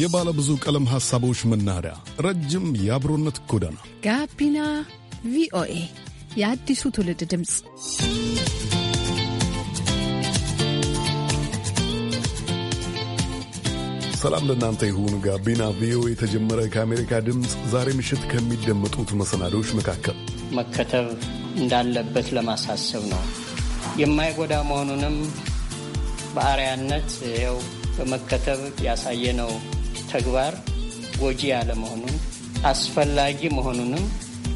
የባለ ብዙ ቀለም ሐሳቦች መናኸሪያ፣ ረጅም የአብሮነት ጎዳና ጋቢና ቪኦኤ የአዲሱ ትውልድ ድምፅ። ሰላም ለእናንተ ይሁን። ጋቢና ቪኦኤ የተጀመረ ከአሜሪካ ድምፅ ዛሬ ምሽት ከሚደመጡት መሰናዶዎች መካከል መከተብ እንዳለበት ለማሳሰብ ነው። የማይጎዳ መሆኑንም በአርያነት ይኸው በመከተብ ያሳየ ነው። ተግባር ጎጂ ያለመሆኑን አስፈላጊ መሆኑንም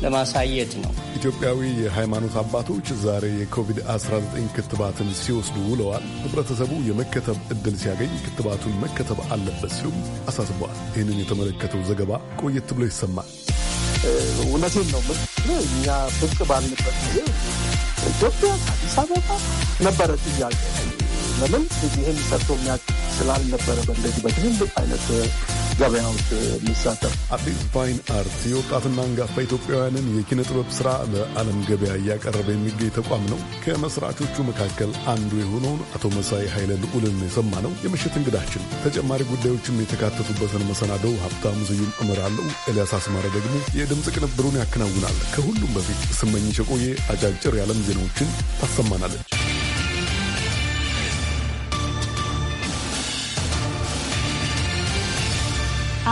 ለማሳየት ነው። ኢትዮጵያዊ የሃይማኖት አባቶች ዛሬ የኮቪድ-19 ክትባትን ሲወስዱ ውለዋል። ህብረተሰቡ የመከተብ እድል ሲያገኝ ክትባቱን መከተብ አለበት ሲሉም አሳስበዋል። ይህንን የተመለከተው ዘገባ ቆየት ብሎ ይሰማል። እውነቴን ነው። እኛ ብቅ ባልንበት ጊዜ ኢትዮጵያ አዲስ አበባ ነበረ ጥያቄ ለምን ይህን ሰርቶ የሚያውቅ ስላልነበረ በእንደዚህ በትልልቅ አይነት ገበያዎች የሚሳተፍ አዲስ ፋይን አርት የወጣትና አንጋፋ ኢትዮጵያውያንን የኪነ ጥበብ ስራ ለዓለም ገበያ እያቀረበ የሚገኝ ተቋም ነው። ከመስራቾቹ መካከል አንዱ የሆነውን አቶ መሳይ ኃይለ ልዑልን የሰማ ነው የምሽት እንግዳችን። ተጨማሪ ጉዳዮችም የተካተቱበትን መሰናደው ሀብታሙ ስዩም እመራለሁ። ኤልያስ አስማረ ደግሞ የድምፅ ቅንብሩን ያከናውናል። ከሁሉም በፊት ስመኝሽ የቆየ አጫጭር የዓለም ዜናዎችን ታሰማናለች።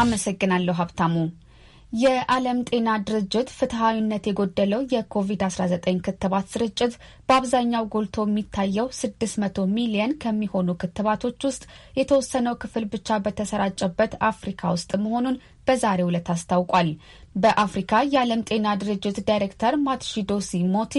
አመሰግናለሁ ሀብታሙ። የዓለም ጤና ድርጅት ፍትሐዊነት የጎደለው የኮቪድ-19 ክትባት ስርጭት በአብዛኛው ጎልቶ የሚታየው 600 ሚሊየን ከሚሆኑ ክትባቶች ውስጥ የተወሰነው ክፍል ብቻ በተሰራጨበት አፍሪካ ውስጥ መሆኑን በዛሬው ዕለት አስታውቋል። በአፍሪካ የዓለም ጤና ድርጅት ዳይሬክተር ማትሺዶሲ ሞቲ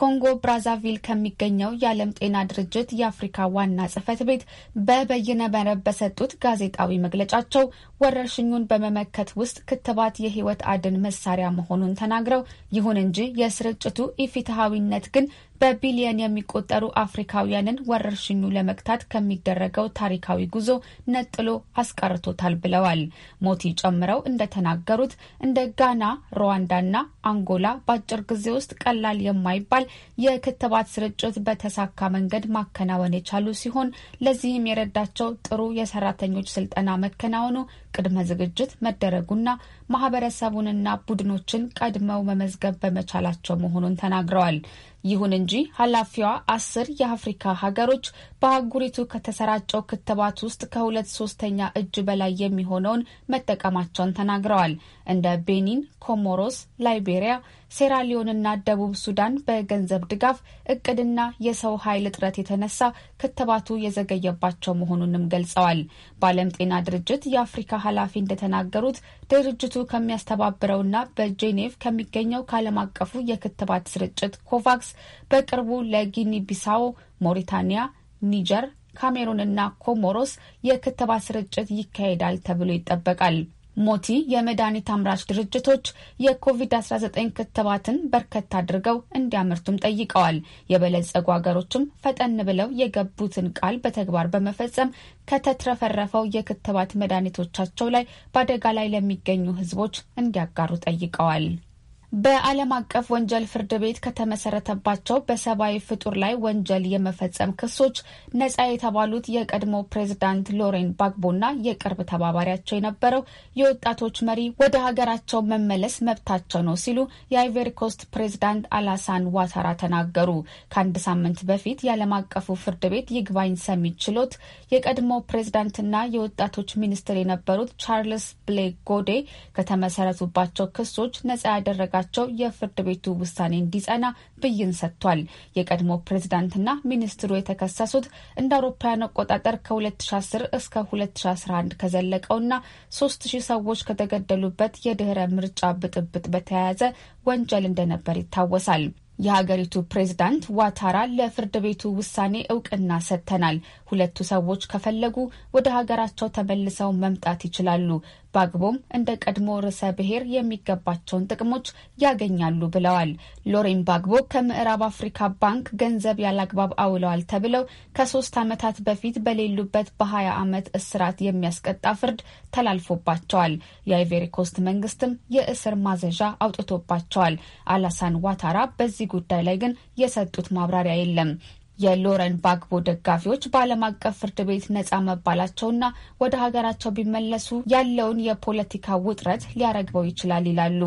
ኮንጎ ብራዛቪል ከሚገኘው የዓለም ጤና ድርጅት የአፍሪካ ዋና ጽህፈት ቤት በበይነ መረብ በሰጡት ጋዜጣዊ መግለጫቸው ወረርሽኙን በመመከት ውስጥ ክትባት የህይወት አድን መሳሪያ መሆኑን ተናግረው ይሁን እንጂ የስርጭቱ ኢፍትሐዊነት ግን በቢሊየን የሚቆጠሩ አፍሪካውያንን ወረርሽኙ ለመግታት ከሚደረገው ታሪካዊ ጉዞ ነጥሎ አስቀርቶታል ብለዋል። ሞቲ ጨምረው እንደተናገሩት እንደ ጋና፣ ሩዋንዳና አንጎላ በአጭር ጊዜ ውስጥ ቀላል የማይባል የክትባት ስርጭት በተሳካ መንገድ ማከናወን የቻሉ ሲሆን ለዚህም የረዳቸው ጥሩ የሰራተኞች ስልጠና መከናወኑ፣ ቅድመ ዝግጅት መደረጉና ማህበረሰቡንና ቡድኖችን ቀድመው መመዝገብ በመቻላቸው መሆኑን ተናግረዋል። ይሁን እንጂ ኃላፊዋ አስር የአፍሪካ ሀገሮች በአህጉሪቱ ከተሰራጨው ክትባት ውስጥ ከሁለት ሶስተኛ እጅ በላይ የሚሆነውን መጠቀማቸውን ተናግረዋል። እንደ ቤኒን፣ ኮሞሮስ፣ ላይቤሪያ ሴራሊዮንና ደቡብ ሱዳን በገንዘብ ድጋፍ እቅድና የሰው ኃይል እጥረት የተነሳ ክትባቱ የዘገየባቸው መሆኑንም ገልጸዋል። በዓለም ጤና ድርጅት የአፍሪካ ኃላፊ እንደተናገሩት ድርጅቱ ከሚያስተባብረውና በጄኔቭ ከሚገኘው ከዓለም አቀፉ የክትባት ስርጭት ኮቫክስ በቅርቡ ለጊኒ ቢሳው፣ ሞሪታኒያ፣ ኒጀር ካሜሩንና ኮሞሮስ የክትባት ስርጭት ይካሄዳል ተብሎ ይጠበቃል። ሞቲ የመድኃኒት አምራች ድርጅቶች የኮቪድ-19 ክትባትን በርከት አድርገው እንዲያመርቱም ጠይቀዋል። የበለጸጉ ሀገሮችም ፈጠን ብለው የገቡትን ቃል በተግባር በመፈጸም ከተትረፈረፈው የክትባት መድኃኒቶቻቸው ላይ በአደጋ ላይ ለሚገኙ ሕዝቦች እንዲያጋሩ ጠይቀዋል። በዓለም አቀፍ ወንጀል ፍርድ ቤት ከተመሰረተባቸው በሰብአዊ ፍጡር ላይ ወንጀል የመፈጸም ክሶች ነጻ የተባሉት የቀድሞ ፕሬዚዳንት ሎሬን ባግቦና የቅርብ ተባባሪያቸው የነበረው የወጣቶች መሪ ወደ ሀገራቸው መመለስ መብታቸው ነው ሲሉ የአይቨሪኮስት ፕሬዚዳንት አላሳን ዋታራ ተናገሩ። ከአንድ ሳምንት በፊት የዓለም አቀፉ ፍርድ ቤት ይግባኝ ሰሚ ችሎት የቀድሞ ፕሬዚዳንትና የወጣቶች ሚኒስትር የነበሩት ቻርልስ ብሌክ ጎዴ ከተመሰረቱባቸው ክሶች ነጻ ያደረጋ በመፍረዳቸው የፍርድ ቤቱ ውሳኔ እንዲጸና ብይን ሰጥቷል። የቀድሞ ፕሬዝዳንትና ሚኒስትሩ የተከሰሱት እንደ አውሮፓውያን አቆጣጠር ከ2010 እስከ 2011 ከዘለቀውና 3000 ሰዎች ከተገደሉበት የድህረ ምርጫ ብጥብጥ በተያያዘ ወንጀል እንደነበር ይታወሳል። የሀገሪቱ ፕሬዝዳንት ዋታራ ለፍርድ ቤቱ ውሳኔ እውቅና ሰጥተናል። ሁለቱ ሰዎች ከፈለጉ ወደ ሀገራቸው ተመልሰው መምጣት ይችላሉ። በአግቦም እንደ ቀድሞ ርዕሰ ብሔር የሚገባቸውን ጥቅሞች ያገኛሉ ብለዋል። ሎሬን ባግቦ ከምዕራብ አፍሪካ ባንክ ገንዘብ ያላግባብ አውለዋል ተብለው ከሶስት ዓመታት በፊት በሌሉበት በሀያ ዓመት እስራት የሚያስቀጣ ፍርድ ተላልፎባቸዋል። የአይቬሪኮስት ኮስት መንግስትም የእስር ማዘዣ አውጥቶባቸዋል። አላሳን ዋታራ በዚህ ጉዳይ ላይ ግን የሰጡት ማብራሪያ የለም። የሎረን ባግቦ ደጋፊዎች በዓለም አቀፍ ፍርድ ቤት ነጻ መባላቸውና ወደ ሀገራቸው ቢመለሱ ያለውን የፖለቲካ ውጥረት ሊያረግበው ይችላል ይላሉ።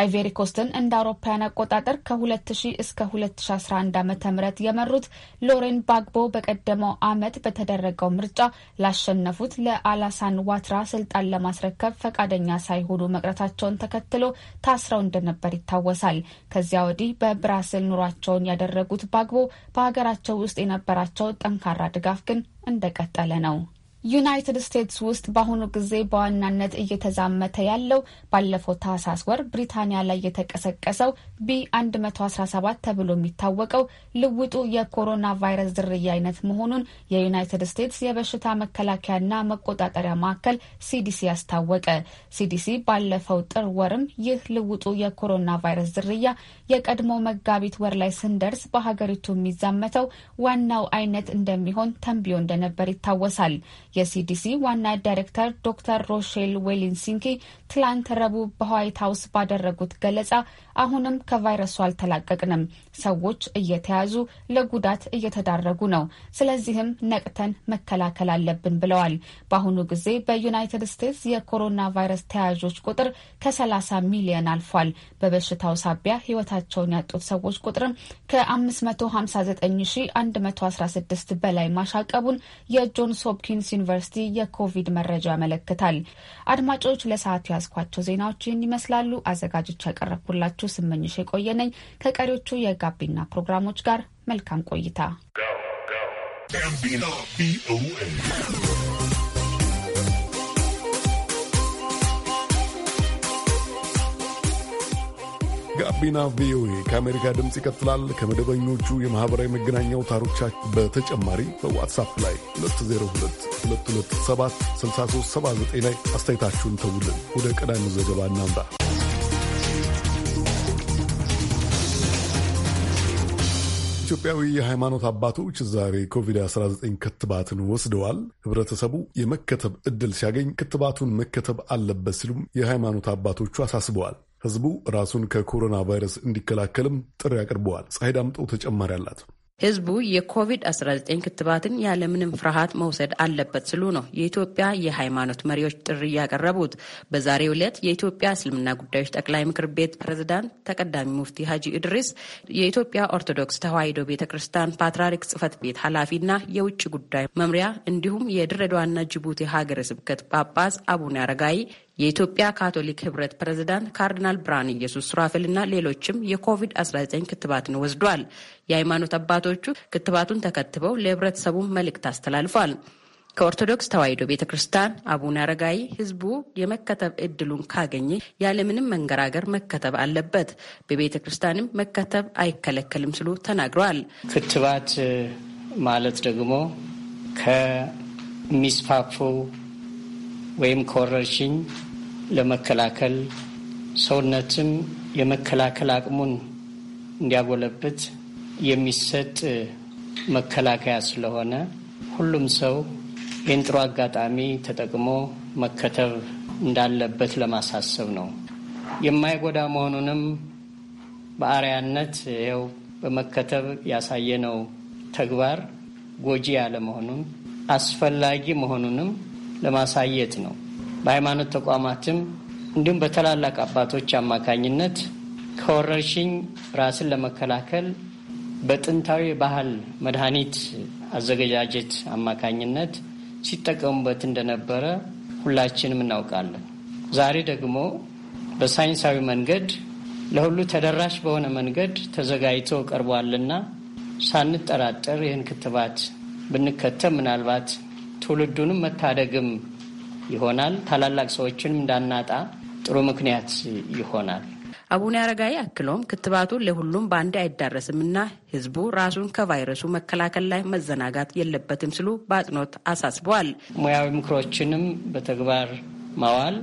አይቬሪኮስትን እንደ አውሮፓውያን አቆጣጠር ከ2000 እስከ 2011 ዓ.ም የመሩት ሎሬን ባግቦ በቀደመው ዓመት በተደረገው ምርጫ ላሸነፉት ለአላሳን ዋትራ ስልጣን ለማስረከብ ፈቃደኛ ሳይሆኑ መቅረታቸውን ተከትሎ ታስረው እንደነበር ይታወሳል። ከዚያ ወዲህ በብራስል ኑሯቸውን ያደረጉት ባግቦ በሀገራቸው ውስጥ የነበራቸው ጠንካራ ድጋፍ ግን እንደቀጠለ ነው። ዩናይትድ ስቴትስ ውስጥ በአሁኑ ጊዜ በዋናነት እየተዛመተ ያለው ባለፈው ታህሳስ ወር ብሪታንያ ላይ የተቀሰቀሰው ቢ 117 ተብሎ የሚታወቀው ልውጡ የኮሮና ቫይረስ ዝርያ አይነት መሆኑን የዩናይትድ ስቴትስ የበሽታ መከላከያና መቆጣጠሪያ ማዕከል ሲዲሲ አስታወቀ። ሲዲሲ ባለፈው ጥር ወርም ይህ ልውጡ የኮሮና ቫይረስ ዝርያ የቀድሞ መጋቢት ወር ላይ ስንደርስ በሀገሪቱ የሚዛመተው ዋናው አይነት እንደሚሆን ተንብዮ እንደነበር ይታወሳል። የሲዲሲ ዋና ዳይሬክተር ዶክተር ሮሼል ዌሊንሲንኪ ትላንት ረቡዕ በዋይት ሀውስ ባደረጉት ገለጻ አሁንም ከቫይረሱ አልተላቀቅንም፣ ሰዎች እየተያዙ ለጉዳት እየተዳረጉ ነው፣ ስለዚህም ነቅተን መከላከል አለብን ብለዋል። በአሁኑ ጊዜ በዩናይትድ ስቴትስ የኮሮና ቫይረስ ተያያዦች ቁጥር ከ30 ሚሊዮን አልፏል። በበሽታው ሳቢያ ህይወታቸውን ያጡት ሰዎች ቁጥርም ከ559,116 በላይ ማሻቀቡን የጆንስ ሆፕኪንስ ዩኒቨርሲቲ የኮቪድ መረጃ ያመለክታል። አድማጮች ለሰዓቱ ያስኳቸው ዜናዎች ይህን ይመስላሉ። አዘጋጆች ያቀረብኩላችሁ ስመኝሽ የቆየ ነኝ። ከቀሪዎቹ የጋቢና ፕሮግራሞች ጋር መልካም ቆይታ። ጋቢና ቪኦኤ ከአሜሪካ ድምፅ ይቀጥላል። ከመደበኞቹ የማኅበራዊ መገናኛ አውታሮቻችን በተጨማሪ በዋትሳፕ ላይ 2022276379 ላይ አስተያየታችሁን ተውልን። ወደ ቀዳሚ ዘገባ እናምራ። ኢትዮጵያዊ የሃይማኖት አባቶች ዛሬ ኮቪድ-19 ክትባትን ወስደዋል። ህብረተሰቡ የመከተብ ዕድል ሲያገኝ ክትባቱን መከተብ አለበት ሲሉም የሃይማኖት አባቶቹ አሳስበዋል። ህዝቡ ራሱን ከኮሮና ቫይረስ እንዲከላከልም ጥሪ አቅርበዋል። ፀሐይ ዳምጠው ተጨማሪ አላት። ህዝቡ የኮቪድ-19 ክትባትን ያለምንም ፍርሃት መውሰድ አለበት ስሉ ነው የኢትዮጵያ የሃይማኖት መሪዎች ጥሪ ያቀረቡት። በዛሬው ዕለት የኢትዮጵያ እስልምና ጉዳዮች ጠቅላይ ምክር ቤት ፕሬዝዳንት ተቀዳሚ ሙፍቲ ሀጂ እድሪስ፣ የኢትዮጵያ ኦርቶዶክስ ተዋሕዶ ቤተ ክርስቲያን ፓትርያርክ ጽሕፈት ቤት ኃላፊና የውጭ ጉዳይ መምሪያ እንዲሁም የድሬዳዋና ጅቡቲ ሀገረ ስብከት ጳጳስ አቡነ አረጋይ የኢትዮጵያ ካቶሊክ ህብረት ፕሬዝዳንት ካርዲናል ብርሃነ ኢየሱስ እና ሌሎችም የኮቪድ-19 ክትባትን ወስዷል። የሃይማኖት አባቶቹ ክትባቱን ተከትበው ለህብረተሰቡ መልእክት አስተላልፏል። ከኦርቶዶክስ ተዋሕዶ ቤተ ክርስቲያን አቡነ አረጋዊ ህዝቡ የመከተብ እድሉን ካገኘ ያለምንም መንገራገር መከተብ አለበት፣ በቤተ ክርስቲያንም መከተብ አይከለከልም ሲሉ ተናግረዋል። ክትባት ማለት ደግሞ ከሚስፋፉ ወይም ከወረርሽኝ ለመከላከል ሰውነትም የመከላከል አቅሙን እንዲያጎለብት የሚሰጥ መከላከያ ስለሆነ ሁሉም ሰው ይህን ጥሩ አጋጣሚ ተጠቅሞ መከተብ እንዳለበት ለማሳሰብ ነው። የማይጎዳ መሆኑንም በአርያነት ይኸው በመከተብ ያሳየነው ተግባር ጎጂ ያለመሆኑን አስፈላጊ መሆኑንም ለማሳየት ነው። በሃይማኖት ተቋማትም እንዲሁም በታላላቅ አባቶች አማካኝነት ከወረርሽኝ ራስን ለመከላከል በጥንታዊ ባህል መድኃኒት አዘገጃጀት አማካኝነት ሲጠቀሙበት እንደነበረ ሁላችንም እናውቃለን። ዛሬ ደግሞ በሳይንሳዊ መንገድ ለሁሉ ተደራሽ በሆነ መንገድ ተዘጋጅቶ ቀርቧልና ሳንጠራጠር ይህን ክትባት ብንከተብ ምናልባት ትውልዱንም መታደግም ይሆናል። ታላላቅ ሰዎችንም እንዳናጣ ጥሩ ምክንያት ይሆናል። አቡነ አረጋዊ አክለውም ክትባቱ ለሁሉም በአንድ አይዳረስም እና ህዝቡ ራሱን ከቫይረሱ መከላከል ላይ መዘናጋት የለበትም ሲሉ በአጽንኦት አሳስበዋል። ሙያዊ ምክሮችንም በተግባር ማዋል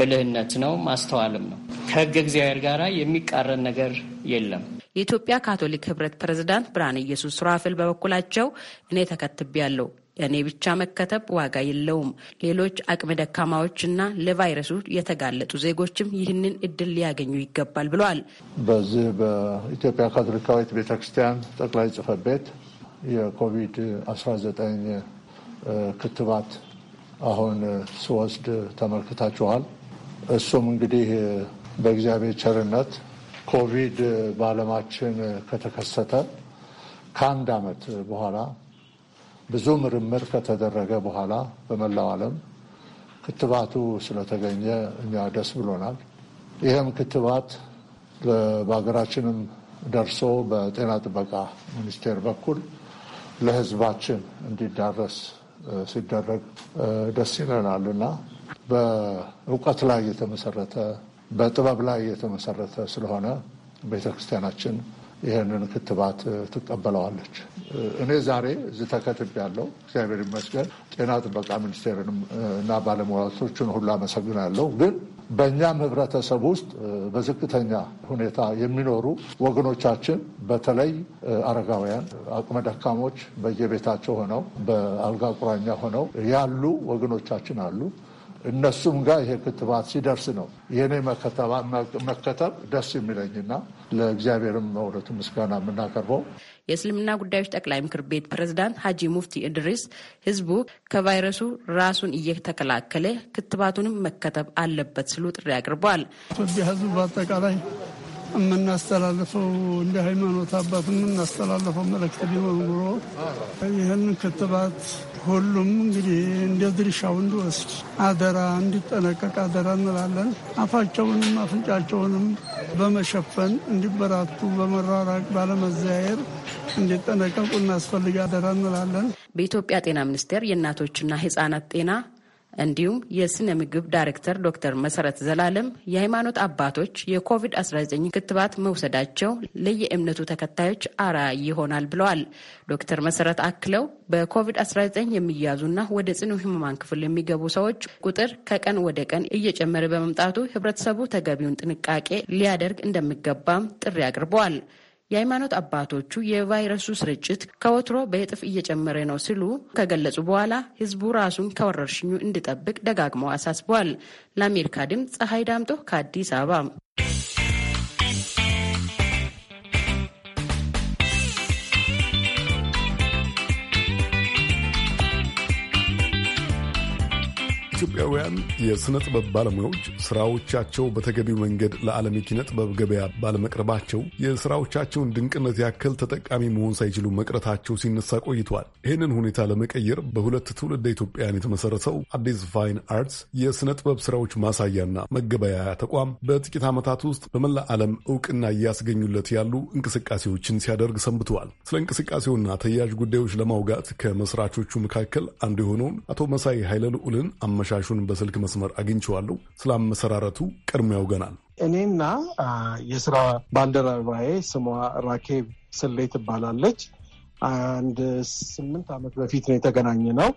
ብልህነት ነው፣ ማስተዋልም ነው። ከህግ እግዚአብሔር ጋር የሚቃረን ነገር የለም። የኢትዮጵያ ካቶሊክ ህብረት ፕሬዝዳንት ብርሃነ ኢየሱስ ሱራፌል በበኩላቸው እኔ ተከትቤያለሁ እኔ ብቻ መከተብ ዋጋ የለውም። ሌሎች አቅመ ደካማዎችና ለቫይረሱ የተጋለጡ ዜጎችም ይህንን እድል ሊያገኙ ይገባል ብለዋል። በዚህ በኢትዮጵያ ካቶሊካዊት ቤተክርስቲያን ጠቅላይ ጽሕፈት ቤት የኮቪድ-19 ክትባት አሁን ስወስድ ተመልክታችኋል። እሱም እንግዲህ በእግዚአብሔር ቸርነት ኮቪድ በዓለማችን ከተከሰተ ከአንድ ዓመት በኋላ ብዙ ምርምር ከተደረገ በኋላ በመላው ዓለም ክትባቱ ስለተገኘ እኛ ደስ ብሎናል። ይህም ክትባት በሀገራችንም ደርሶ በጤና ጥበቃ ሚኒስቴር በኩል ለሕዝባችን እንዲዳረስ ሲደረግ ደስ ይለናል እና በእውቀት ላይ የተመሰረተ በጥበብ ላይ የተመሰረተ ስለሆነ ቤተክርስቲያናችን ይህንን ክትባት ትቀበለዋለች። እኔ ዛሬ እዚህ ተከትብ ያለው እግዚአብሔር ይመስገን ጤና ጥበቃ ሚኒስቴርን እና ባለሙያቶችን ሁሉ አመሰግናለሁ። ግን በእኛም ህብረተሰብ ውስጥ በዝቅተኛ ሁኔታ የሚኖሩ ወገኖቻችን በተለይ አረጋውያን፣ አቅመ ደካሞች በየቤታቸው ሆነው በአልጋ ቁራኛ ሆነው ያሉ ወገኖቻችን አሉ። እነሱም ጋር ይሄ ክትባት ሲደርስ ነው የእኔ መከተብ ደስ የሚለኝና ለእግዚአብሔርም መውረቱ ምስጋና የምናቀርበው። የእስልምና ጉዳዮች ጠቅላይ ምክር ቤት ፕሬዝዳንት ሀጂ ሙፍቲ እድሪስ ህዝቡ ከቫይረሱ ራሱን እየተከላከለ ክትባቱንም መከተብ አለበት ሲሉ ጥሪ አቅርበዋል። ህዝቡ በአጠቃላይ የምናስተላልፈው እንደ ሃይማኖት አባት የምናስተላልፈው መልእክት ቢሆን ኑሮ ይህን ክትባት ሁሉም እንግዲህ እንደ ድርሻው እንዲወስድ አደራ እንዲጠነቀቅ አደራ እንላለን። አፋቸውንም አፍንጫቸውንም በመሸፈን እንዲበራቱ በመራራቅ ባለመዘያየር እንዲጠነቀቁ እናስፈልግ አደራ እንላለን። በኢትዮጵያ ጤና ሚኒስቴር የእናቶችና ህጻናት ጤና እንዲሁም የስነ ምግብ ዳይሬክተር ዶክተር መሰረት ዘላለም የሃይማኖት አባቶች የኮቪድ-19 ክትባት መውሰዳቸው ለየእምነቱ ተከታዮች አራ ይሆናል ብለዋል። ዶክተር መሰረት አክለው በኮቪድ-19 የሚያዙና ወደ ጽኑ ህሙማን ክፍል የሚገቡ ሰዎች ቁጥር ከቀን ወደ ቀን እየጨመረ በመምጣቱ ህብረተሰቡ ተገቢውን ጥንቃቄ ሊያደርግ እንደሚገባም ጥሪ አቅርበዋል። የሃይማኖት አባቶቹ የቫይረሱ ስርጭት ከወትሮ በየጥፍ እየጨመረ ነው ሲሉ ከገለጹ በኋላ ህዝቡ ራሱን ከወረርሽኙ እንዲጠብቅ ደጋግመው አሳስበዋል። ለአሜሪካ ድምፅ ፀሐይ ዳምጦ ከአዲስ አበባ። ኢትዮጵያውያን የሥነ ጥበብ ባለሙያዎች ሥራዎቻቸው በተገቢው መንገድ ለዓለም የኪነ ጥበብ ገበያ ባለመቅረባቸው የሥራዎቻቸውን ድንቅነት ያክል ተጠቃሚ መሆን ሳይችሉ መቅረታቸው ሲነሳ ቆይቷል። ይህንን ሁኔታ ለመቀየር በሁለት ትውልደ ኢትዮጵያውያን የተመሠረተው አዲስ ፋይን አርትስ የሥነ ጥበብ ሥራዎች ማሳያና መገበያያ ተቋም በጥቂት ዓመታት ውስጥ በመላ ዓለም ዕውቅና እያስገኙለት ያሉ እንቅስቃሴዎችን ሲያደርግ ሰንብተዋል። ስለ እንቅስቃሴውና ተያያዥ ጉዳዮች ለማውጋት ከመሥራቾቹ መካከል አንዱ የሆነውን አቶ መሳይ ኃይለ ልዑልን አመሻሹ ሁለታችሁንም በስልክ መስመር አግኝቸዋለሁ ስለ አመሰራረቱ ቀድሞ ያውገናል። እኔና የስራ ባልደረባዬ ስሟ ራኬብ ስሌ ትባላለች። አንድ ስምንት ዓመት በፊት ነው የተገናኘ ነው።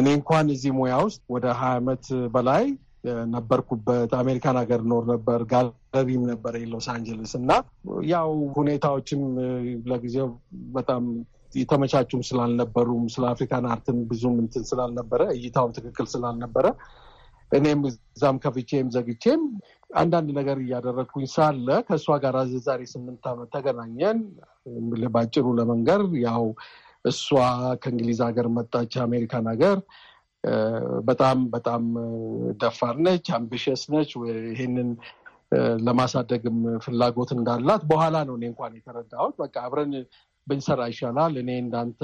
እኔ እንኳን እዚህ ሙያ ውስጥ ወደ ሀያ ዓመት በላይ ነበርኩበት። አሜሪካን ሀገር ኖር ነበር፣ ጋለሪም ነበር የሎስ አንጀለስ እና ያው ሁኔታዎችም ለጊዜው በጣም የተመቻቹም ስላልነበሩም ስለ አፍሪካን አርትን ብዙም እንትን ስላልነበረ እይታውም ትክክል ስላልነበረ እኔም እዛም ከፍቼም ዘግቼም አንዳንድ ነገር እያደረግኩኝ ሳለ ከእሷ ጋር ዛሬ ስምንት ዓመት ተገናኘን። ባጭሩ ለመንገር ያው እሷ ከእንግሊዝ ሀገር መጣች አሜሪካን ሀገር። በጣም በጣም ደፋር ነች፣ አምቢሽስ ነች። ይሄንን ለማሳደግም ፍላጎት እንዳላት በኋላ ነው እኔ እንኳን የተረዳሁት። በቃ አብረን ብንሰራ ይሻላል። እኔ እንዳንተ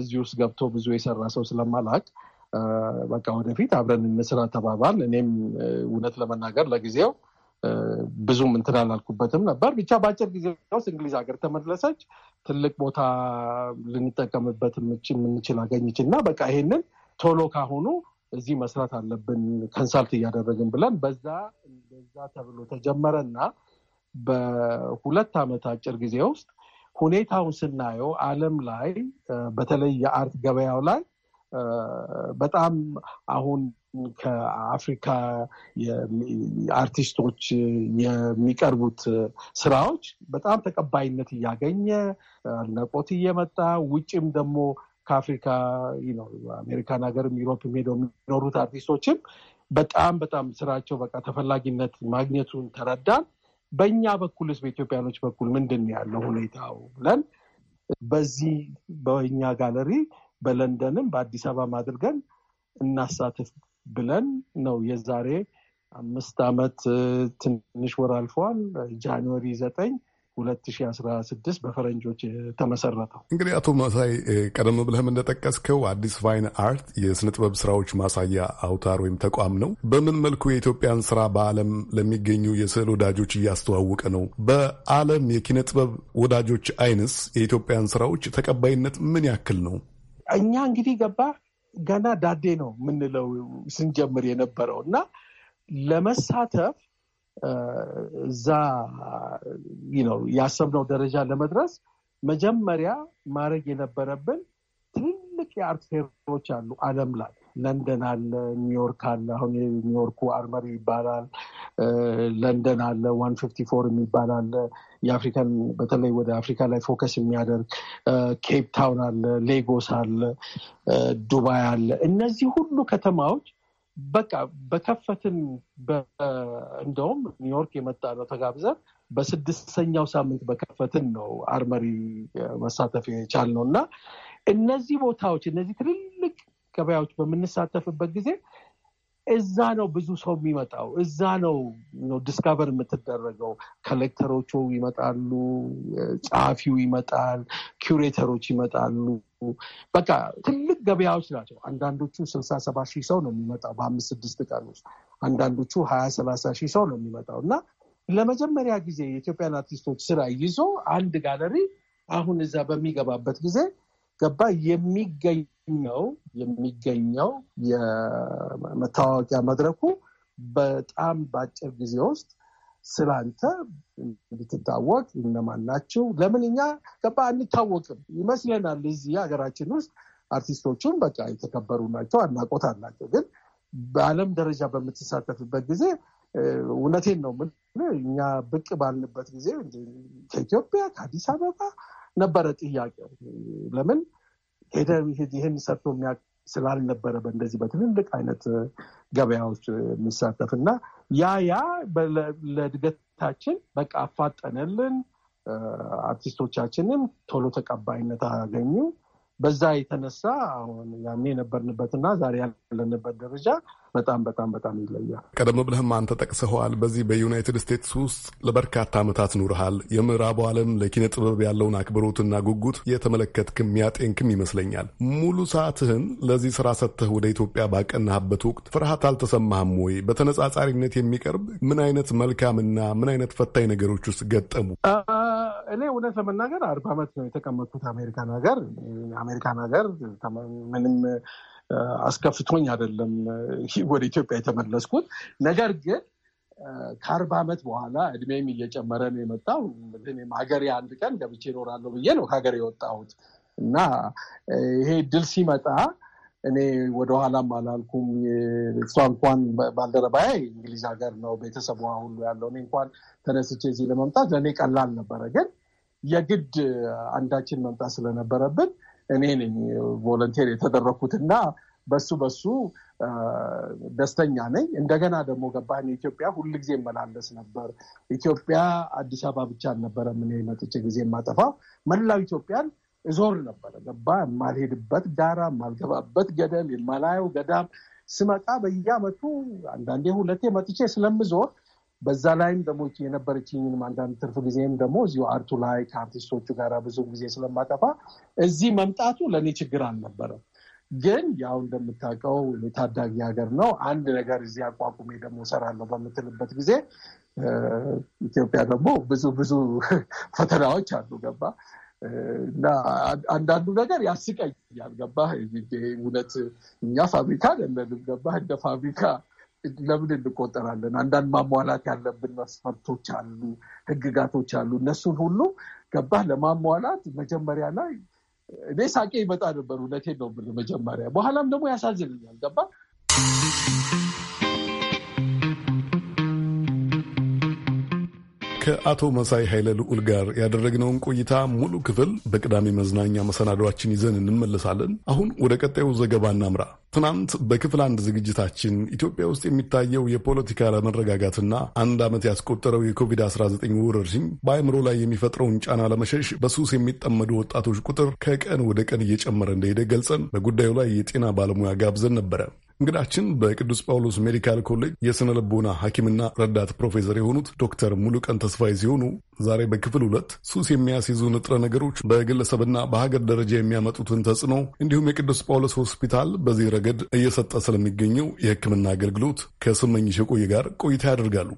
እዚህ ውስጥ ገብቶ ብዙ የሰራ ሰው ስለማላቅ በቃ ወደፊት አብረን እንስራ ተባባል። እኔም እውነት ለመናገር ለጊዜው ብዙም እንትን አላልኩበትም ነበር። ብቻ በአጭር ጊዜ ውስጥ እንግሊዝ ሀገር ተመለሰች። ትልቅ ቦታ ልንጠቀምበት የምንችል አገኘች እና በቃ ይሄንን ቶሎ ካሁኑ እዚህ መስራት አለብን ከንሳልት እያደረግን ብለን በዛ እንደዛ ተብሎ ተጀመረና በሁለት ዓመት አጭር ጊዜ ውስጥ ሁኔታውን ስናየው ዓለም ላይ በተለይ የአርት ገበያው ላይ በጣም አሁን ከአፍሪካ አርቲስቶች የሚቀርቡት ስራዎች በጣም ተቀባይነት እያገኘ አድናቆት እየመጣ ውጭም ደግሞ ከአፍሪካ አሜሪካን ሀገርም ዩሮፕ ሄደው የሚኖሩት አርቲስቶችም በጣም በጣም ስራቸው በቃ ተፈላጊነት ማግኘቱን ተረዳን። በእኛ በኩልስ በኢትዮጵያኖች በኩል ምንድን ያለው ሁኔታው ብለን በዚህ በኛ ጋለሪ በለንደንም በአዲስ አበባም አድርገን እናሳትፍ ብለን ነው የዛሬ አምስት ዓመት ትንሽ ወር አልፏል። ጃንዋሪ ዘጠኝ 2016 በፈረንጆች የተመሰረተው። እንግዲህ አቶ መሳይ ቀደም ብለህም እንደጠቀስከው አዲስ ቫይን አርት የስነ ጥበብ ስራዎች ማሳያ አውታር ወይም ተቋም ነው። በምን መልኩ የኢትዮጵያን ስራ በዓለም ለሚገኙ የስዕል ወዳጆች እያስተዋወቀ ነው? በዓለም የኪነ ጥበብ ወዳጆች አይንስ የኢትዮጵያን ስራዎች ተቀባይነት ምን ያክል ነው? እኛ እንግዲህ ገባ ገና ዳዴ ነው የምንለው ስንጀምር የነበረው እና ለመሳተፍ እዛ ነው ያሰብነው ደረጃ ለመድረስ መጀመሪያ ማድረግ የነበረብን ትልልቅ የአርት ፌሮች አሉ ዓለም ላይ ለንደን አለ፣ ኒውዮርክ አለ። አሁን ኒውዮርኩ አርመሪ ይባላል። ለንደን አለ፣ ዋን ፊፍቲ ፎር የሚባል አለ። የአፍሪካን በተለይ ወደ አፍሪካ ላይ ፎከስ የሚያደርግ ኬፕ ታውን አለ፣ ሌጎስ አለ፣ ዱባይ አለ። እነዚህ ሁሉ ከተማዎች በቃ በከፈትን። እንደውም ኒውዮርክ የመጣ ነው ተጋብዘን በስድስተኛው ሳምንት በከፈትን ነው አርመሪ መሳተፍ ነው እና እነዚህ ቦታዎች እነዚህ ትልልቅ ገበያዎች በምንሳተፍበት ጊዜ እዛ ነው ብዙ ሰው የሚመጣው። እዛ ነው ዲስካቨር የምትደረገው። ከሌክተሮቹ ይመጣሉ፣ ጸሐፊው ይመጣል፣ ኪውሬተሮች ይመጣሉ። በቃ ትልቅ ገበያዎች ናቸው። አንዳንዶቹ ስልሳ ሰባ ሺህ ሰው ነው የሚመጣው በአምስት ስድስት ቀን ውስጥ፣ አንዳንዶቹ ሀያ ሰላሳ ሺህ ሰው ነው የሚመጣው እና ለመጀመሪያ ጊዜ የኢትዮጵያን አርቲስቶች ስራ ይዞ አንድ ጋለሪ አሁን እዛ በሚገባበት ጊዜ ገባ የሚገኘው የሚገኘው የመታወቂያ መድረኩ በጣም በአጭር ጊዜ ውስጥ ስላንተ እንድትታወቅ እነማን ናቸው? ለምን እኛ ገባ አንታወቅም ይመስለናል። እዚህ ሀገራችን ውስጥ አርቲስቶቹን በቃ የተከበሩ ናቸው፣ አድናቆት አላቸው። ግን በአለም ደረጃ በምትሳተፍበት ጊዜ እውነቴን ነው እኛ ብቅ ባልንበት ጊዜ ከኢትዮጵያ ከአዲስ አበባ ነበረ ጥያቄው ለምን ሄደ ይህን ሰርቶ የሚያውቅ ስላልነበረ በእንደዚህ በትልልቅ አይነት ገበያዎች የሚሳተፍ እና ያ ያ ለእድገታችን በቃ አፋጠነልን። አርቲስቶቻችንም ቶሎ ተቀባይነት አገኙ። በዛ የተነሳ አሁን ያኔ የነበርንበትና ዛሬ ያለንበት ደረጃ በጣም በጣም በጣም ይለያል። ቀደም ብለህም አንተ ጠቅሰኸዋል። በዚህ በዩናይትድ ስቴትስ ውስጥ ለበርካታ ዓመታት ኑርሃል። የምዕራቡ ዓለም ለኪነ ጥበብ ያለውን አክብሮትና ጉጉት የተመለከትክም ያጤንክም ይመስለኛል። ሙሉ ሰዓትህን ለዚህ ስራ ሰጥተህ ወደ ኢትዮጵያ ባቀናህበት ወቅት ፍርሃት አልተሰማህም ወይ? በተነጻጻሪነት የሚቀርብ ምን አይነት መልካምና ምን አይነት ፈታኝ ነገሮች ውስጥ ገጠሙ? እኔ እውነት ለመናገር አርባ ዓመት ነው የተቀመጥኩት አሜሪካን ሀገር። አሜሪካን ሀገር ምንም አስከፍቶኝ አይደለም ወደ ኢትዮጵያ የተመለስኩት። ነገር ግን ከአርባ ዓመት በኋላ እድሜም እየጨመረ ነው የመጣው። ሀገሬ አንድ ቀን ገብቼ እኖራለሁ ብዬ ነው ከሀገር የወጣሁት እና ይሄ ድል ሲመጣ እኔ ወደኋላም አላልኩም። እሷ እንኳን ባልደረባ እንግሊዝ ሀገር ነው ቤተሰቧ ሁሉ ያለው። እኔ እንኳን ተነስቼ እዚህ ለመምጣት ለእኔ ቀላል ነበረ፣ ግን የግድ አንዳችን መምጣት ስለነበረብን እኔ ነኝ ቮለንቴር የተደረኩትና በሱ በሱ ደስተኛ ነኝ። እንደገና ደግሞ ገባህን ኢትዮጵያ ጊዜ መላለስ ነበር። ኢትዮጵያ አዲስ አበባ ብቻ አልነበረም እኔ መጥቼ ጊዜ የማጠፋው መላው ኢትዮጵያን እዞር ነበረ። ገባ የማልሄድበት ዳራ የማልገባበት ገደል የማላየው ገዳም ስመጣ በየዓመቱ አንዳንዴ ሁለቴ መጥቼ ስለምዞር በዛ ላይም ደግሞ የነበረችኝንም አንዳንድ ትርፍ ጊዜም ደግሞ እዚሁ አርቱ ላይ ከአርቲስቶቹ ጋር ብዙ ጊዜ ስለማጠፋ እዚህ መምጣቱ ለእኔ ችግር አልነበረም። ግን ያው እንደምታውቀው የታዳጊ ሀገር ነው። አንድ ነገር እዚህ አቋቁሜ ደግሞ እሰራለሁ በምትልበት ጊዜ ኢትዮጵያ ደግሞ ብዙ ብዙ ፈተናዎች አሉ። ገባ እና አንዳንዱ ነገር ያስቀኛል። ገባህ? እውነት እኛ ፋብሪካ አይደለንም። ገባህ? እንደ ፋብሪካ ለምን እንቆጠራለን? አንዳንድ ማሟላት ያለብን መስፈርቶች አሉ፣ ህግጋቶች አሉ። እነሱን ሁሉ ገባህ ለማሟላት መጀመሪያ ላይ እኔ ሳቄ ይመጣ ነበር። እውነቴን ነው የምልህ። መጀመሪያ በኋላም ደግሞ ያሳዝንኛል። ገባህ? ከአቶ መሳይ ኃይለ ልዑል ጋር ያደረግነውን ቆይታ ሙሉ ክፍል በቅዳሜ መዝናኛ መሰናዶችን ይዘን እንመለሳለን። አሁን ወደ ቀጣዩ ዘገባ እናምራ። ትናንት በክፍል አንድ ዝግጅታችን ኢትዮጵያ ውስጥ የሚታየው የፖለቲካ ለመረጋጋትና አንድ ዓመት ያስቆጠረው የኮቪድ-19 ወረርሽኝ በአእምሮ ላይ የሚፈጥረውን ጫና ለመሸሽ በሱስ የሚጠመዱ ወጣቶች ቁጥር ከቀን ወደ ቀን እየጨመረ እንደሄደ ገልጸን በጉዳዩ ላይ የጤና ባለሙያ ጋብዘን ነበረ። እንግዳችን በቅዱስ ጳውሎስ ሜዲካል ኮሌጅ የሥነ ልቦና ሐኪምና ረዳት ፕሮፌሰር የሆኑት ዶክተር ሙሉቀን ተስፋዬ ሲሆኑ ዛሬ በክፍል ሁለት ሱስ የሚያስይዙ ንጥረ ነገሮች በግለሰብና በሀገር ደረጃ የሚያመጡትን ተጽዕኖ እንዲሁም የቅዱስ ጳውሎስ ሆስፒታል በዚህ ረገድ እየሰጠ ስለሚገኘው የሕክምና አገልግሎት ከስመኝሽ የቆየ ጋር ቆይታ ያደርጋሉ።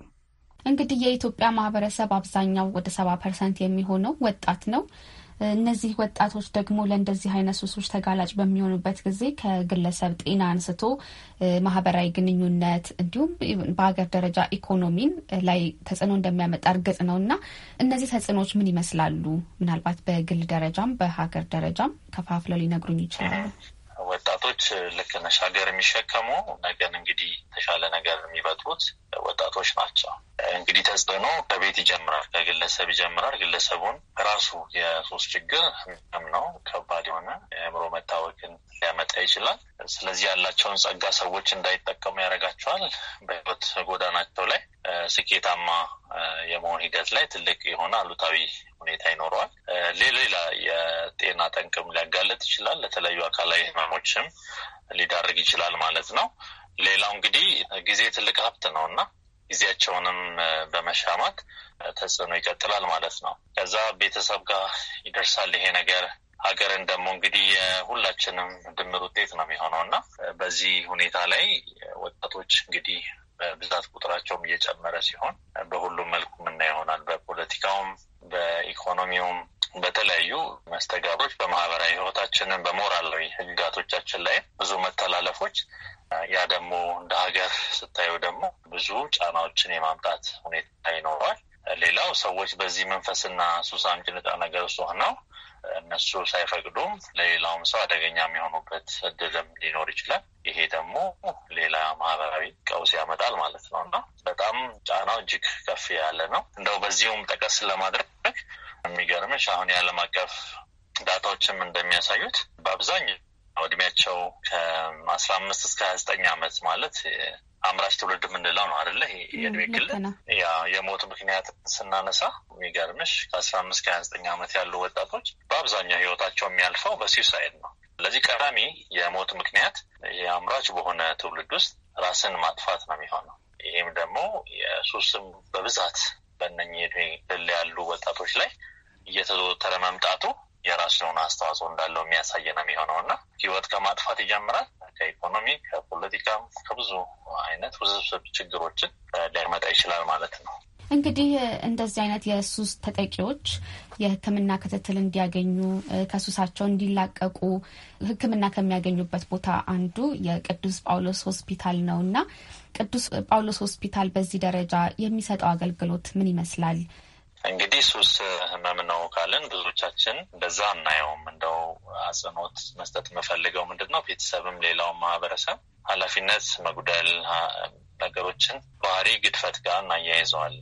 እንግዲህ የኢትዮጵያ ማህበረሰብ አብዛኛው ወደ ሰባ ፐርሰንት የሚሆነው ወጣት ነው። እነዚህ ወጣቶች ደግሞ ለእንደዚህ አይነት ሱሶች ተጋላጭ በሚሆኑበት ጊዜ ከግለሰብ ጤና አንስቶ ማህበራዊ ግንኙነት እንዲሁም በሀገር ደረጃ ኢኮኖሚን ላይ ተጽዕኖ እንደሚያመጣ እርግጥ ነው እና እነዚህ ተጽዕኖዎች ምን ይመስላሉ? ምናልባት በግል ደረጃም በሀገር ደረጃም ከፋፍለው ሊነግሩኝ ይችላሉ። ወጣቶች ልክ ነሽ ሀገር የሚሸከሙ ነገን እንግዲህ የተሻለ ነገር የሚበጥሩት ወጣቶች ናቸው። እንግዲህ ተጽዕኖ ከቤት ይጀምራል፣ ከግለሰብ ይጀምራል። ግለሰቡን ራሱ የሶስት ችግር ነው ከባድ የሆነ የአእምሮ መታወክን ሊያመጣ ይችላል። ስለዚህ ያላቸውን ጸጋ ሰዎች እንዳይጠቀሙ ያደርጋቸዋል። በህይወት ጎዳናቸው ላይ ስኬታማ የመሆን ሂደት ላይ ትልቅ የሆነ አሉታዊ ሁኔታ ይኖረዋል። ሌላ የጤና ጠንቅም ሊያጋለጥ ይችላል። ለተለያዩ አካላዊ ህመሞችም ሊዳርግ ይችላል ማለት ነው። ሌላው እንግዲህ ጊዜ ትልቅ ሀብት ነው እና ጊዜያቸውንም በመሻማት ተጽዕኖ ይቀጥላል ማለት ነው። ከዛ ቤተሰብ ጋር ይደርሳል ይሄ ነገር። ሀገርን ደግሞ እንግዲህ የሁላችንም ድምር ውጤት ነው የሚሆነው እና በዚህ ሁኔታ ላይ ወጣቶች እንግዲህ በብዛት ቁጥራቸውም እየጨመረ ሲሆን በሁሉም መልኩ ምና ይሆናል። በፖለቲካውም በኢኮኖሚውም በተለያዩ መስተጋብሮች በማህበራዊ ህይወታችንን በሞራላዊ ህግጋቶቻችን ላይ ብዙ መተላለፎች ያ ደግሞ እንደ ሀገር ስታዩ ደግሞ ብዙ ጫናዎችን የማምጣት ሁኔታ ይኖረዋል። ሌላው ሰዎች በዚህ መንፈስና ሱስ አምጪ ንጥረ ነገር ውስጥ ሆነው እነሱ ሳይፈቅዱ ለሌላውም ሰው አደገኛ የሚሆኑበት እድልም ሊኖር ይችላል። ይሄ ደግሞ ሌላ ማህበራዊ ቀውስ ያመጣል ማለት ነው እና በጣም ጫናው እጅግ ከፍ ያለ ነው። እንደው በዚሁም ጠቀስ ለማድረግ የሚገርምሽ አሁን የዓለም አቀፍ ዳታዎችም እንደሚያሳዩት በአብዛኛው እድሜያቸው ከአስራ አምስት እስከ ሀያ ዘጠኝ ዓመት ማለት አምራች ትውልድ የምንለው ነው አደለ የእድሜ ክልል የሞት ምክንያት ስናነሳ የሚገርምሽ ከአስራ አምስት ከሀያ ዘጠኝ ዓመት ያሉ ወጣቶች በአብዛኛው ህይወታቸው የሚያልፈው በሲሳይድ ነው። ለዚህ ቀዳሚ የሞት ምክንያት የአምራች በሆነ ትውልድ ውስጥ ራስን ማጥፋት ነው የሚሆነው። ይህም ደግሞ የሱስም በብዛት በእነኝህ እድሜ ክልል ያሉ ወጣቶች ላይ እየተዘወተረ መምጣቱ የራሱ አስተዋጽኦ እንዳለው ነው የሚሆነው እና ህይወት ከማጥፋት ይጀምራል። ከኢኮኖሚ፣ ከፖለቲካም ከብዙ አይነት ውስብስብ ችግሮችን ሊያመጣ ይችላል ማለት ነው። እንግዲህ እንደዚህ አይነት የሱስ ተጠቂዎች የህክምና ክትትል እንዲያገኙ ከሱሳቸው እንዲላቀቁ ህክምና ከሚያገኙበት ቦታ አንዱ የቅዱስ ጳውሎስ ሆስፒታል ነው እና ቅዱስ ጳውሎስ ሆስፒታል በዚህ ደረጃ የሚሰጠው አገልግሎት ምን ይመስላል? እንግዲህ ሱስ ህመም ነው ካልን ብዙዎቻችን እንደዛ አናየውም። እንደው አጽንኦት መስጠት የምፈልገው ምንድን ነው ቤተሰብም ሌላውን ማህበረሰብ ኃላፊነት መጉደል ነገሮችን ባህሪ ግድፈት ጋር እናያይዘዋል።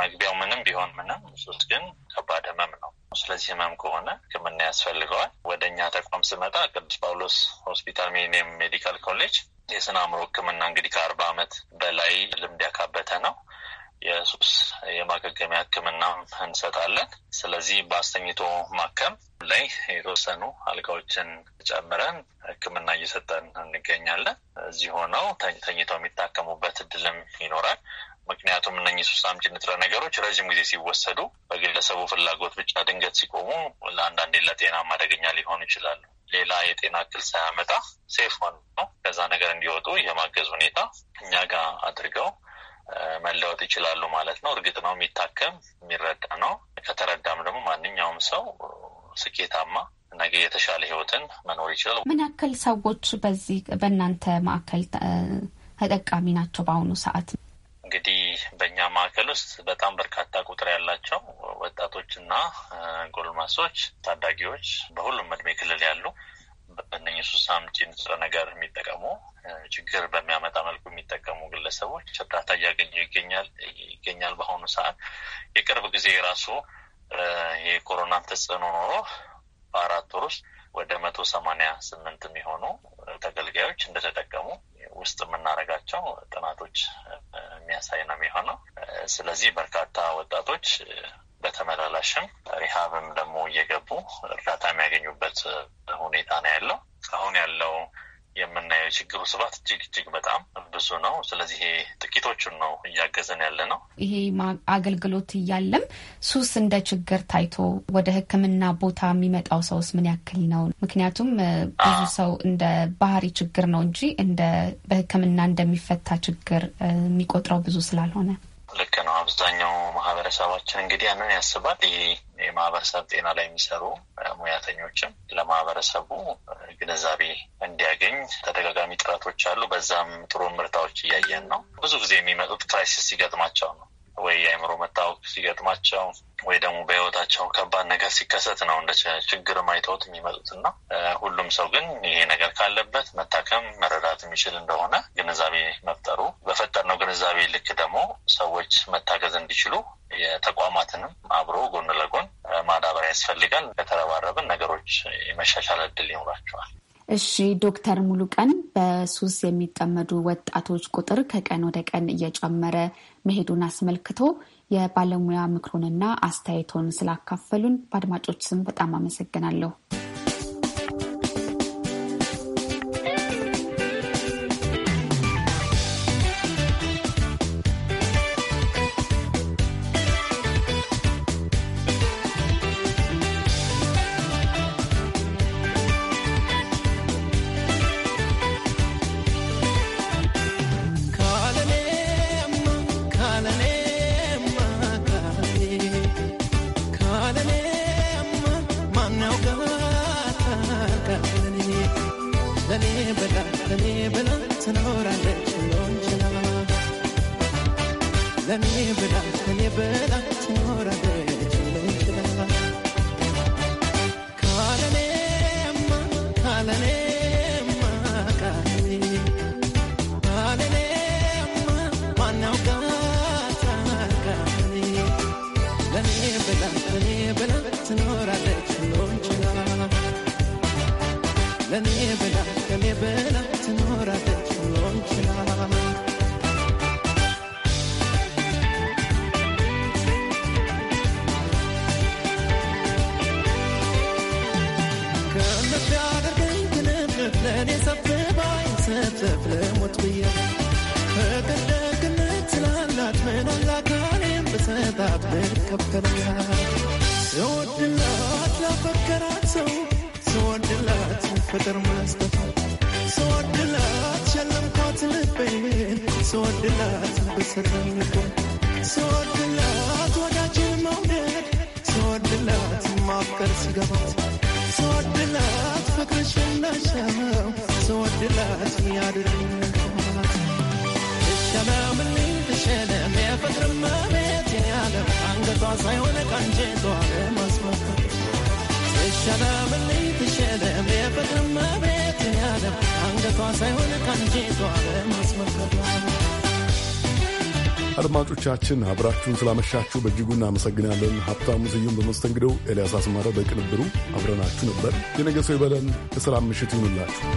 መግቢያው ምንም ቢሆን ምንም ሱስ ግን ከባድ ህመም ነው። ስለዚህ ህመም ከሆነ ሕክምና ያስፈልገዋል። ወደ እኛ ተቋም ስመጣ ቅዱስ ጳውሎስ ሆስፒታል ሚሊኒየም ሜዲካል ኮሌጅ የስነ አእምሮ ሕክምና እንግዲህ ከአርባ ዓመት በላይ ልምድ ያካበተ ነው። የሱስ የማገገሚያ ሕክምና እንሰጣለን። ስለዚህ በአስተኝቶ ማከም ላይ የተወሰኑ አልጋዎችን ጨምረን ሕክምና እየሰጠን እንገኛለን። እዚህ ሆነው ተኝተው የሚታከሙበት እድልም ይኖራል። ምክንያቱም እነኚህ ሱስ አምጪ ንጥረ ነገሮች ረዥም ጊዜ ሲወሰዱ በግለሰቡ ፍላጎት ብቻ ድንገት ሲቆሙ ለአንዳንዴ ለጤና አደገኛ ሊሆኑ ይችላሉ። ሌላ የጤና እክል ሳያመጣ ሴፍ ሆነው ከዛ ነገር እንዲወጡ የማገዝ ሁኔታ እኛ ጋር አድርገው መለወጥ ይችላሉ ማለት ነው። እርግጥ ነው የሚታከም የሚረዳ ነው። ከተረዳም ደግሞ ማንኛውም ሰው ስኬታማ ነገ የተሻለ ህይወትን መኖር ይችላል። ምን ያክል ሰዎች በዚህ በእናንተ ማዕከል ተጠቃሚ ናቸው? በአሁኑ ሰዓት እንግዲህ በእኛ ማዕከል ውስጥ በጣም በርካታ ቁጥር ያላቸው ወጣቶች እና ጎልማሶች፣ ታዳጊዎች በሁሉም እድሜ ክልል ያሉ በእነኝህ ሱስ አምጪ ንጥረ ነገር የሚጠቀሙ ችግር በሚያመጣ መልኩ የሚጠቀሙ ግለሰቦች እርዳታ እያገኙ ይገኛል ይገኛል። በአሁኑ ሰዓት የቅርብ ጊዜ ራሱ የኮሮና ተጽዕኖ ኖሮ በአራት ወር ውስጥ ወደ መቶ ሰማኒያ ስምንት የሚሆኑ ተገልጋዮች እንደተጠቀሙ ውስጥ የምናደርጋቸው ጥናቶች የሚያሳይ ነው የሚሆነው። ስለዚህ በርካታ ወጣቶች በተመላላሽም ሪሃብም ደግሞ እየገቡ እርዳታ የሚያገኙበት ሁኔታ ነው ያለው። አሁን ያለው የምናየው የችግሩ ስፋት እጅግ እጅግ በጣም ብዙ ነው። ስለዚህ ይሄ ጥቂቶቹን ነው እያገዘን ያለ ነው። ይሄ አገልግሎት እያለም ሱስ እንደ ችግር ታይቶ ወደ ሕክምና ቦታ የሚመጣው ሰውስ ምን ያክል ነው? ምክንያቱም ብዙ ሰው እንደ ባህሪ ችግር ነው እንጂ እንደ በሕክምና እንደሚፈታ ችግር የሚቆጥረው ብዙ ስላልሆነ ልክ ነው። አብዛኛው ማህበረሰባችን እንግዲህ ያንን ያስባል። ይህ የማህበረሰብ ጤና ላይ የሚሰሩ ሙያተኞችም ለማህበረሰቡ ግንዛቤ እንዲያገኝ ተደጋጋሚ ጥረቶች አሉ። በዛም ጥሩ ምርታዎች እያየን ነው። ብዙ ጊዜ የሚመጡት ክራይሲስ ሲገጥማቸው ነው። ወይ የአእምሮ መታወቅ ሲገጥማቸው ወይ ደግሞ በህይወታቸው ከባድ ነገር ሲከሰት ነው እንደ ችግር ማይተውት የሚመጡት እና ሁሉም ሰው ግን ይሄ ነገር ካለበት መታከም መረዳት የሚችል እንደሆነ ግንዛቤ መፍጠሩ በፈጠርነው ግንዛቤ ልክ ደግሞ ሰዎች መታገዝ እንዲችሉ የተቋማትንም አብሮ ጎን ለጎን ማዳበሪያ ያስፈልጋል። ከተረባረብን ነገሮች የመሻሻል እድል ይኖራቸዋል። እሺ ዶክተር ሙሉቀን በሱስ የሚጠመዱ ወጣቶች ቁጥር ከቀን ወደ ቀን እየጨመረ መሄዱን አስመልክቶ የባለሙያ ምክሩንና አስተያየቶን ስላካፈሉን በአድማጮች ስም በጣም አመሰግናለሁ። አንገቷ አንገቷ አድማጮቻችን አብራችሁን ስላመሻችሁ በእጅጉ እናመሰግናለን። ሀብታሙ ስዩም በመስተንግደው፣ ኤልያስ አስማረ በቅንብሩ አብረናችሁ ነበር። የነገ ሰው ይበለን። የሰላም ምሽት ይሁንላችሁ።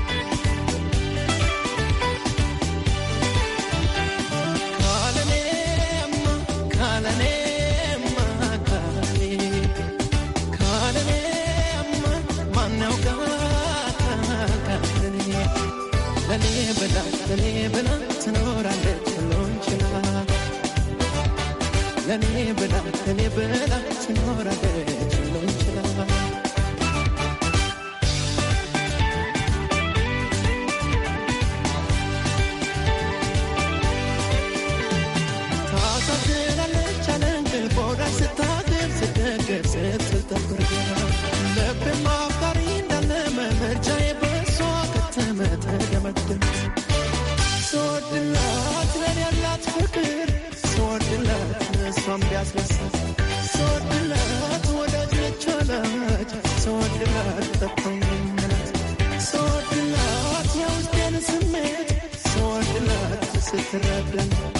ልቧን ቢያስነሳት ሰወድላት ወዳጅ ነቻላች ሰወድላት ጠጣኝናት ሰወድላት የውስጤን ስሜት ሰወድላት ስትረዳኝ